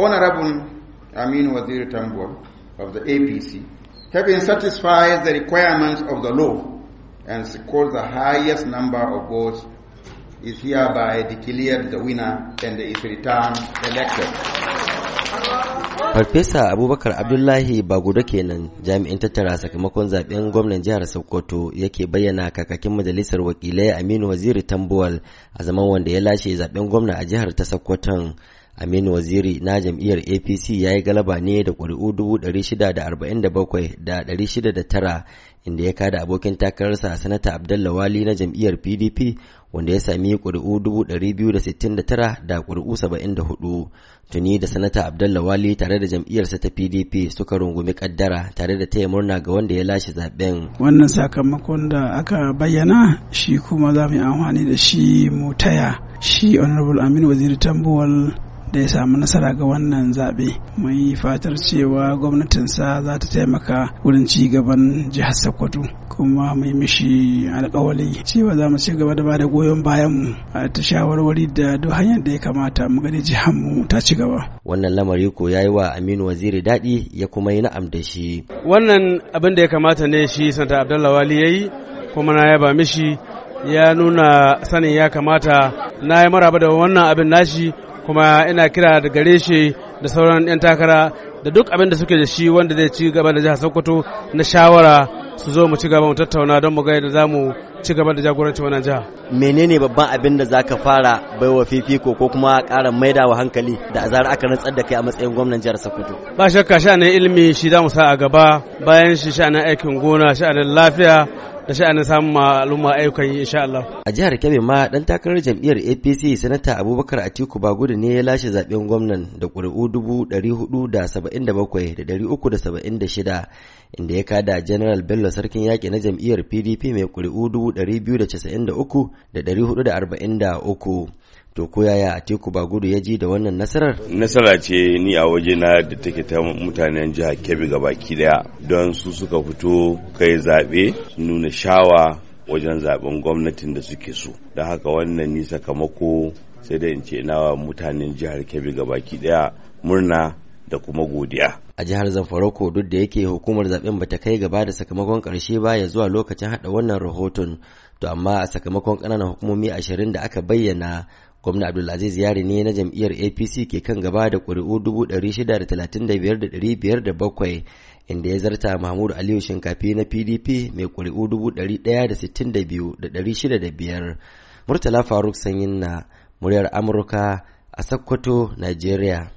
Honorable Amin waziri Tambol of the APC, having satisfied the requirements of the law and scored the highest number of votes, is hereby declared the winner and is returned elected. Farfesa Abubakar Abdullahi Bagudo kenan jami'in tattara sakamakon zaben gwamnan jihar Sokoto yake bayyana kakakin majalisar wakilai Aminu Waziri Tambuwal a zaman wanda ya lashe zaben gwamna a jihar ta Sokoton. Aminu Waziri na jam'iyyar APC ya yi galaba ne da ƙuri'u 647,609 inda ya kada abokin takararsa sanata Abdullah Wali na jam'iyyar PDP wanda ya sami ƙuri'u 269 da ƙuri'u 74 tuni da sanata Abdullah Wali tare da jam'iyyarsa ta PDP suka rungumi kaddara tare da taya murna ga wanda ya lashe zaben. Wannan sakamakon da aka bayyana shi kuma za mu yi amfani da shi mu taya shi Honorable Aminu Waziri Tambuwal da ya samu nasara ga wannan zaɓe mai fatar cewa gwamnatinsa za ta taimaka wurin ci gaban jihar sokoto kuma mai mishi alkawali cewa za mu ci gaba da bada goyon bayan mu ta shawarwari da duk hanyar da ya kamata mu gani jihar mu ta ci gaba wannan lamari ko yayi wa Aminu Waziri daɗi ya kuma yi na'am da shi wannan abin da ya kamata ne shi Santa Abdullahi Wali yayi kuma na yaba mishi ya nuna sanin ya kamata na yi maraba da wannan abin nashi kuma ina kira da gare shi da sauran 'yan takara da duk abin da suke da shi wanda zai ci gaba da jihar sokoto na shawara su zo mu ci gaba mu tattauna don mu ga yadda za mu ci gaba da jagoranci wannan jiha. menene babban abin da zaka fara baiwa fifiko ko kuma ƙara maida wa hankali da azara aka rantsar da kai a matsayin gwamnan jihar sokoto. ba shakka sha'anin ilimi shi za mu sa a gaba bayan shi sha'anin aikin gona sha'anin lafiya da sha na samun al'umma ayyukan yi insha Allah. A jihar Kebbi ma dan takarar jam'iyyar APC sanata Abubakar Atiku Bagudu ne ya lashe zaben gwamnan da ƙuri'u dubu ɗari hudu da saba'in da bakwai da ɗari uku da saba'in da shida inda ya kada General Bello sarkin yaƙi na jam'iyyar PDP mai ƙuri'u dubu ɗari biyu da casa'in da uku da ɗari hudu da arba'in da uku. to ko yaya Atiku Bagudu ya ji da wannan nasarar? Nasara ce ni a waje na da take ta mutanen jihar Kebbi baki daya don su suka fito kai zaɓe nuna shawa wajen zaɓen gwamnatin da suke so. Da haka wannan ni sakamako sai da in ce na mutanen jihar Kebbi baki daya murna da kuma godiya. A jihar Zamfaroko duk da yake hukumar zaben bata kai gaba da sakamakon karshe ba ya zuwa lokacin hada wannan rahoton, to amma a sakamakon ƙananan hukumomi ashirin da aka bayyana gwamna abdulaziz yari ne na jam'iyyar apc ke kan gaba da ƙuri'u bakwai, inda ya zarta mahmud aliyu shinkafi na pdp mai ƙuri'u biyar. murtala faruk sanyin na muryar amurka a sokoto Najeriya.